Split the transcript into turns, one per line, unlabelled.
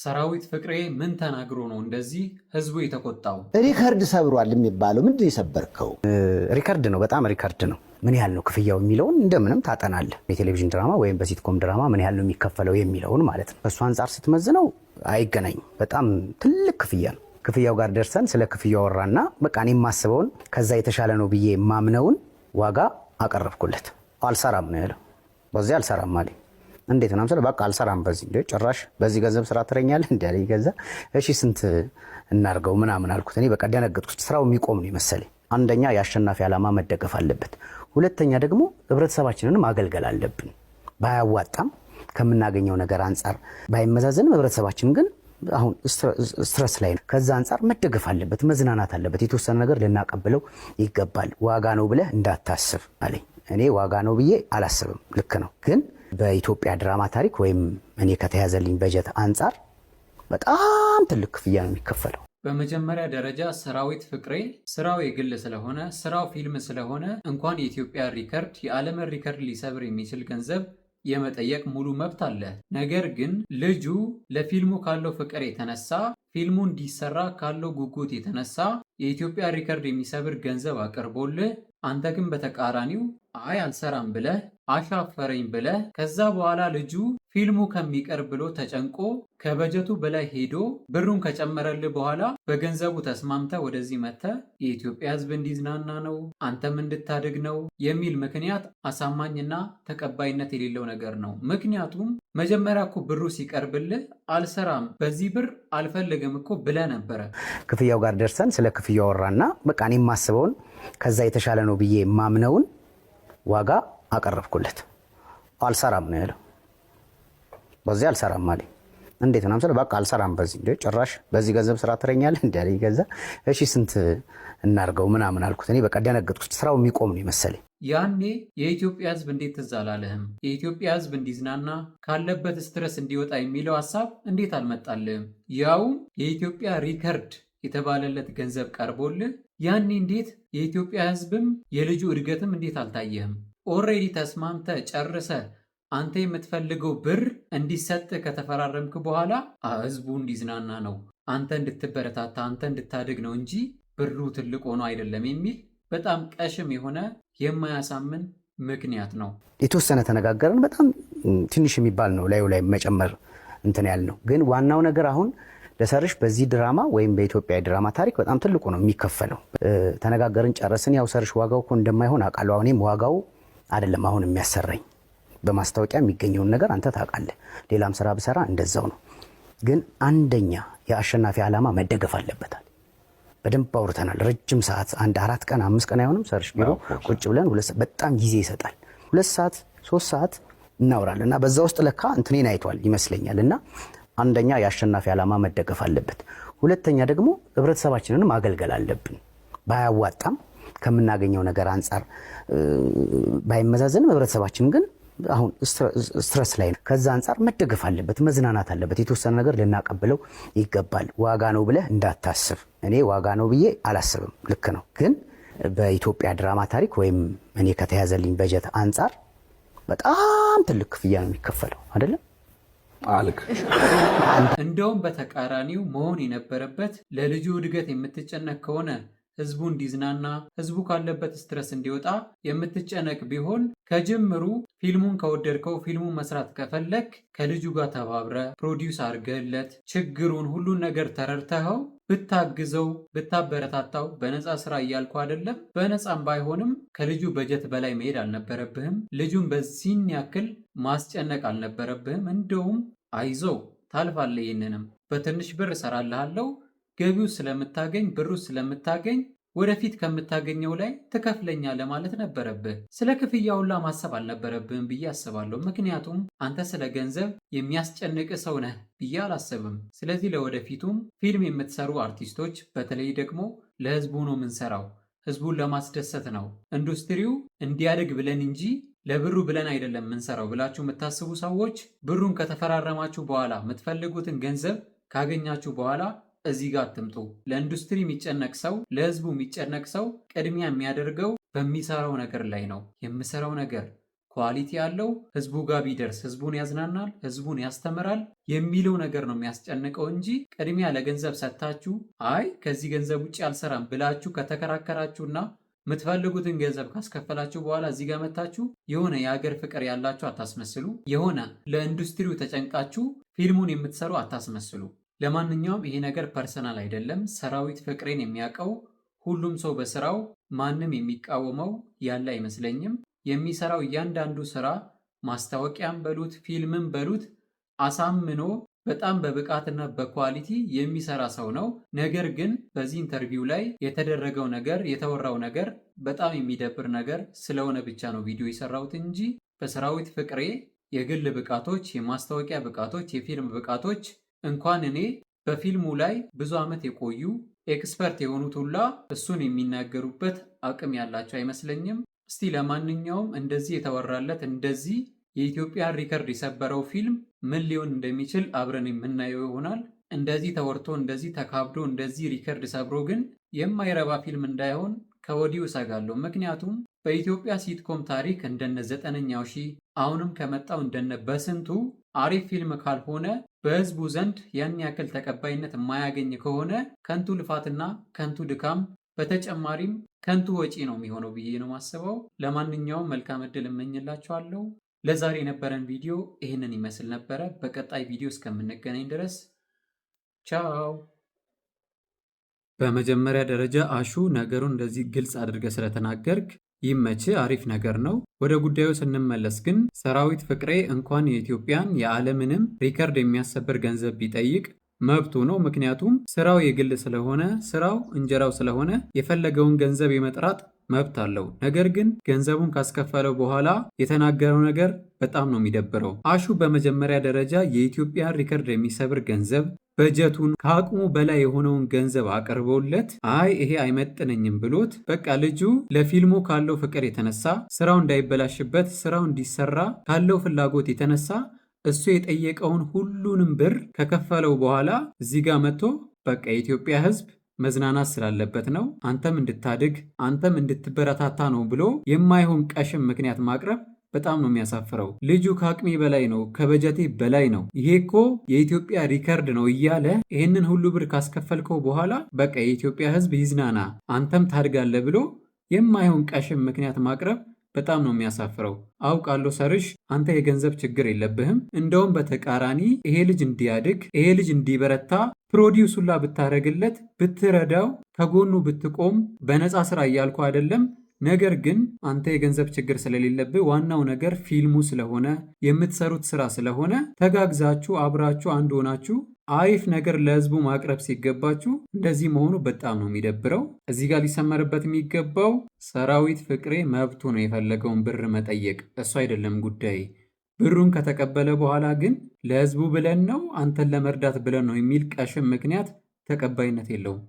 ሰራዊት ፍቅሬ ምን ተናግሮ ነው እንደዚህ ህዝቡ የተቆጣው?
ሪከርድ ሰብሯል የሚባለው ምንድን የሰበርከው?
ሪከርድ ነው፣ በጣም ሪከርድ ነው። ምን ያህል ነው ክፍያው የሚለውን እንደምንም ታጠናለህ። የቴሌቪዥን ድራማ ወይም በሲትኮም ድራማ ምን ያህል ነው የሚከፈለው የሚለውን ማለት ነው። ከእሱ አንጻር ስትመዝነው አይገናኝም። በጣም ትልቅ ክፍያ ነው። ክፍያው ጋር ደርሰን ስለ ክፍያ ወራና በቃ እኔ የማስበውን ከዛ የተሻለ ነው ብዬ የማምነውን ዋጋ አቀረብኩለት። አልሰራም ነው ያለው። በዚህ አልሰራም አለኝ። እንዴት ነው ስለ በቃ አልሰራም በዚህ እንደ ጭራሽ በዚህ ገንዘብ ስራ ትረኛለህ እንደ ያለኝ ገዛ እሺ ስንት እናርገው ምናምን አልኩት። እኔ በቃ ደነገጥኩት። ስራው የሚቆም ነው የመሰለኝ። አንደኛ የአሸናፊ ዓላማ መደገፍ አለበት፣ ሁለተኛ ደግሞ ህብረተሰባችንንም ማገልገል አለብን። ባያዋጣም ከምናገኘው ነገር አንጻር ባይመዛዘንም ህብረተሰባችን ግን አሁን ስትረስ ላይ ነው። ከዛ አንጻር መደገፍ አለበት፣ መዝናናት አለበት። የተወሰነ ነገር ልናቀብለው ይገባል። ዋጋ ነው ብለህ እንዳታስብ አለኝ። እኔ ዋጋ ነው ብዬ አላስብም። ልክ ነው ግን በኢትዮጵያ ድራማ ታሪክ ወይም እኔ ከተያዘልኝ በጀት አንጻር በጣም ትልቅ ክፍያ ነው የሚከፈለው።
በመጀመሪያ ደረጃ ሰራዊት ፍቅሬ ስራው የግል ስለሆነ ስራው ፊልም ስለሆነ እንኳን የኢትዮጵያ ሪከርድ የዓለምን ሪከርድ ሊሰብር የሚችል ገንዘብ የመጠየቅ ሙሉ መብት አለ። ነገር ግን ልጁ ለፊልሙ ካለው ፍቅር የተነሳ ፊልሙ እንዲሰራ ካለው ጉጉት የተነሳ የኢትዮጵያ ሪከርድ የሚሰብር ገንዘብ አቅርቦልህ አንተ ግን በተቃራኒው አይ አልሰራም ብለህ አሻፈረኝ ብለህ ከዛ በኋላ ልጁ ፊልሙ ከሚቀር ብሎ ተጨንቆ ከበጀቱ በላይ ሄዶ ብሩን ከጨመረልህ በኋላ በገንዘቡ ተስማምተ ወደዚህ መተ የኢትዮጵያ ሕዝብ እንዲዝናና ነው አንተም እንድታድግ ነው የሚል ምክንያት አሳማኝና ተቀባይነት የሌለው ነገር ነው። ምክንያቱም መጀመሪያ እኮ ብሩ ሲቀርብልህ አልሰራም፣ በዚህ ብር አልፈልግም እኮ ብለ ነበረ።
ክፍያው ጋር ደርሰን ስለ ክፍያው ወራና በቃ እኔ የማስበውን ከዛ የተሻለ ነው ብዬ የማምነውን ዋጋ አቀረብኩለት። አልሰራም ነው ያለው በዚህ አልሰራም አለኝ። እንዴት ነው ምሳሌ? በቃ አልሰራም በዚህ እንደ ጭራሽ በዚህ ገንዘብ ስራ ትረኛለህ እንዲ አለኝ። እሺ ስንት እናርገው ምናምን አልኩት። እኔ በቃ ደነገጥኩት። ስራው የሚቆም ነው መሰለኝ።
ያኔ የኢትዮጵያ ሕዝብ እንዴት ትዝ አላለህም? የኢትዮጵያ ሕዝብ እንዲዝናና ካለበት ስትረስ እንዲወጣ የሚለው ሀሳብ እንዴት አልመጣልህም? ያውም የኢትዮጵያ ሪከርድ የተባለለት ገንዘብ ቀርቦልህ ያኔ እንዴት የኢትዮጵያ ሕዝብም የልጁ እድገትም እንዴት አልታየህም? ኦልሬዲ ተስማምተ ጨርሰ አንተ የምትፈልገው ብር እንዲሰጥ ከተፈራረምክ በኋላ ህዝቡ እንዲዝናና ነው፣ አንተ እንድትበረታታ፣ አንተ እንድታድግ ነው እንጂ ብሩ ትልቅ ሆኖ አይደለም የሚል በጣም ቀሽም የሆነ የማያሳምን ምክንያት ነው።
የተወሰነ ተነጋገርን። በጣም ትንሽ የሚባል ነው ላዩ ላይ መጨመር እንትን ያል ነው። ግን ዋናው ነገር አሁን ለሰርሽ በዚህ ድራማ ወይም በኢትዮጵያ ድራማ ታሪክ በጣም ትልቁ ነው የሚከፈለው። ተነጋገርን፣ ጨረስን። ያው ሰርሽ ዋጋው እኮ እንደማይሆን አውቃለሁ። አሁኔም ዋጋው አይደለም አሁን የሚያሰራኝ በማስታወቂያ የሚገኘውን ነገር አንተ ታውቃለህ። ሌላም ስራ ብሰራ እንደዛው ነው። ግን አንደኛ የአሸናፊ ዓላማ መደገፍ አለበታል። በደንብ አውርተናል። ረጅም ሰዓት አንድ አራት ቀን አምስት ቀን አይሆንም ሰርሽ ቢሮ ቁጭ ብለን በጣም ጊዜ ይሰጣል። ሁለት ሰዓት ሶስት ሰዓት እናወራለን እና በዛ ውስጥ ለካ እንትኔን አይቷል ይመስለኛል። እና አንደኛ የአሸናፊ ዓላማ መደገፍ አለበት። ሁለተኛ ደግሞ ህብረተሰባችንንም አገልገል አለብን። ባያዋጣም ከምናገኘው ነገር አንጻር ባይመዛዘንም ህብረተሰባችን ግን አሁን ስትረስ ላይ ነው። ከዛ አንጻር መደገፍ አለበት፣ መዝናናት አለበት። የተወሰነ ነገር ልናቀብለው ይገባል። ዋጋ ነው ብለህ እንዳታስብ። እኔ ዋጋ ነው ብዬ አላስብም። ልክ ነው። ግን በኢትዮጵያ ድራማ ታሪክ ወይም እኔ ከተያዘልኝ በጀት አንጻር በጣም ትልቅ ክፍያ ነው የሚከፈለው አይደለም።
አልክ
እንደውም በተቃራኒው መሆን የነበረበት ለልጁ እድገት የምትጨነቅ ከሆነ ህዝቡ እንዲዝናና ህዝቡ ካለበት ስትረስ እንዲወጣ የምትጨነቅ ቢሆን ከጅምሩ ፊልሙን ከወደድከው ፊልሙን መስራት ከፈለክ ከልጁ ጋር ተባብረ ፕሮዲውስ አድርገለት ችግሩን ሁሉን ነገር ተረድተኸው ብታግዘው ብታበረታታው በነፃ ስራ እያልኩ አይደለም። በነፃም ባይሆንም ከልጁ በጀት በላይ መሄድ አልነበረብህም። ልጁን በዚህን ያክል ማስጨነቅ አልነበረብህም። እንደውም አይዞ ታልፋለህ፣ ይህንንም በትንሽ ብር እሰራልሃለሁ ገቢው ስለምታገኝ ብሩ ስለምታገኝ ወደፊት ከምታገኘው ላይ ትከፍለኛ ለማለት ነበረብህ። ስለ ክፍያ ሁላ ማሰብ አልነበረብህም ብዬ አስባለሁ። ምክንያቱም አንተ ስለ ገንዘብ የሚያስጨንቅ ሰው ነህ ብዬ አላስብም። ስለዚህ ለወደፊቱም ፊልም የምትሰሩ አርቲስቶች፣ በተለይ ደግሞ ለህዝቡ ነው የምንሰራው፣ ህዝቡን ለማስደሰት ነው፣ ኢንዱስትሪው እንዲያድግ ብለን እንጂ ለብሩ ብለን አይደለም የምንሰራው ብላችሁ የምታስቡ ሰዎች ብሩን ከተፈራረማችሁ በኋላ የምትፈልጉትን ገንዘብ ካገኛችሁ በኋላ እዚህ ጋር አትምጡ። ለኢንዱስትሪ የሚጨነቅ ሰው፣ ለህዝቡ የሚጨነቅ ሰው ቅድሚያ የሚያደርገው በሚሰራው ነገር ላይ ነው። የምሰራው ነገር ኳሊቲ ያለው ህዝቡ ጋር ቢደርስ ህዝቡን ያዝናናል፣ ህዝቡን ያስተምራል የሚለው ነገር ነው የሚያስጨንቀው እንጂ ቅድሚያ ለገንዘብ ሰጥታችሁ አይ ከዚህ ገንዘብ ውጭ አልሰራም ብላችሁ ከተከራከራችሁና የምትፈልጉትን ገንዘብ ካስከፈላችሁ በኋላ እዚህ ጋር መታችሁ የሆነ የሀገር ፍቅር ያላችሁ አታስመስሉ። የሆነ ለኢንዱስትሪው ተጨንቃችሁ ፊልሙን የምትሰሩ አታስመስሉ። ለማንኛውም ይሄ ነገር ፐርሰናል አይደለም። ሰራዊት ፍቅሬን የሚያውቀው ሁሉም ሰው በስራው ማንም የሚቃወመው ያለ አይመስለኝም። የሚሰራው እያንዳንዱ ስራ ማስታወቂያም በሉት ፊልምም በሉት አሳምኖ በጣም በብቃትና በኳሊቲ የሚሰራ ሰው ነው። ነገር ግን በዚህ ኢንተርቪው ላይ የተደረገው ነገር የተወራው ነገር በጣም የሚደብር ነገር ስለሆነ ብቻ ነው ቪዲዮ የሰራሁት እንጂ በሰራዊት ፍቅሬ የግል ብቃቶች፣ የማስታወቂያ ብቃቶች፣ የፊልም ብቃቶች እንኳን እኔ በፊልሙ ላይ ብዙ ዓመት የቆዩ ኤክስፐርት የሆኑት ሁላ እሱን የሚናገሩበት አቅም ያላቸው አይመስለኝም። እስቲ ለማንኛውም እንደዚህ የተወራለት እንደዚህ የኢትዮጵያን ሪከርድ የሰበረው ፊልም ምን ሊሆን እንደሚችል አብረን የምናየው ይሆናል። እንደዚህ ተወርቶ እንደዚህ ተካብዶ እንደዚህ ሪከርድ ሰብሮ ግን የማይረባ ፊልም እንዳይሆን ከወዲሁ እሰጋለሁ። ምክንያቱም በኢትዮጵያ ሲትኮም ታሪክ እንደነ ዘጠነኛው ሺህ አሁንም ከመጣው እንደነ በስንቱ አሪፍ ፊልም ካልሆነ በህዝቡ ዘንድ ያን ያክል ተቀባይነት የማያገኝ ከሆነ ከንቱ ልፋትና ከንቱ ድካም በተጨማሪም ከንቱ ወጪ ነው የሚሆነው ብዬ ነው ማስበው። ለማንኛውም መልካም እድል እመኝላችኋለሁ። ለዛሬ የነበረን ቪዲዮ ይህንን ይመስል ነበረ። በቀጣይ ቪዲዮ እስከምንገናኝ ድረስ ቻው። በመጀመሪያ ደረጃ አሹ ነገሩን እንደዚህ ግልጽ አድርገ ስለተናገርክ ይመች፣ አሪፍ ነገር ነው። ወደ ጉዳዩ ስንመለስ ግን ሰራዊት ፍቅሬ እንኳን የኢትዮጵያን የዓለምንም ሪከርድ የሚያሰብር ገንዘብ ቢጠይቅ መብቱ ነው። ምክንያቱም ስራው የግል ስለሆነ ስራው እንጀራው ስለሆነ የፈለገውን ገንዘብ የመጥራት መብት አለው። ነገር ግን ገንዘቡን ካስከፈለው በኋላ የተናገረው ነገር በጣም ነው የሚደብረው። አሹ በመጀመሪያ ደረጃ የኢትዮጵያን ሪከርድ የሚሰብር ገንዘብ በጀቱን ከአቅሙ በላይ የሆነውን ገንዘብ አቅርበውለት አይ ይሄ አይመጥነኝም ብሎት በቃ ልጁ ለፊልሙ ካለው ፍቅር የተነሳ ስራው እንዳይበላሽበት ስራው እንዲሰራ ካለው ፍላጎት የተነሳ እሱ የጠየቀውን ሁሉንም ብር ከከፈለው በኋላ እዚህ ጋር መጥቶ በቃ የኢትዮጵያ ህዝብ መዝናናት ስላለበት ነው፣ አንተም እንድታድግ አንተም እንድትበረታታ ነው ብሎ የማይሆን ቀሽም ምክንያት ማቅረብ በጣም ነው የሚያሳፍረው። ልጁ ከአቅሜ በላይ ነው፣ ከበጀቴ በላይ ነው፣ ይሄ እኮ የኢትዮጵያ ሪከርድ ነው እያለ ይህንን ሁሉ ብር ካስከፈልከው በኋላ በቃ የኢትዮጵያ ህዝብ ይዝናና አንተም ታድጋለህ ብሎ የማይሆን ቀሽም ምክንያት ማቅረብ በጣም ነው የሚያሳፍረው። አውቃለሁ ሰርሽ፣ አንተ የገንዘብ ችግር የለብህም። እንደውም በተቃራኒ ይሄ ልጅ እንዲያድግ ይሄ ልጅ እንዲበረታ ፕሮዲውሱላ ብታደረግለት፣ ብትረዳው፣ ከጎኑ ብትቆም በነፃ ስራ እያልኩ አይደለም ነገር ግን አንተ የገንዘብ ችግር ስለሌለብህ ዋናው ነገር ፊልሙ ስለሆነ የምትሰሩት ስራ ስለሆነ ተጋግዛችሁ አብራችሁ አንድ ሆናችሁ አሪፍ ነገር ለህዝቡ ማቅረብ ሲገባችሁ እንደዚህ መሆኑ በጣም ነው የሚደብረው። እዚህ ጋር ሊሰመርበት የሚገባው ሰራዊት ፍቅሬ መብቱ ነው የፈለገውን ብር መጠየቅ፣ እሱ አይደለም ጉዳይ። ብሩን ከተቀበለ በኋላ ግን ለህዝቡ ብለን ነው አንተን ለመርዳት ብለን ነው የሚል ቀሽም ምክንያት ተቀባይነት የለውም።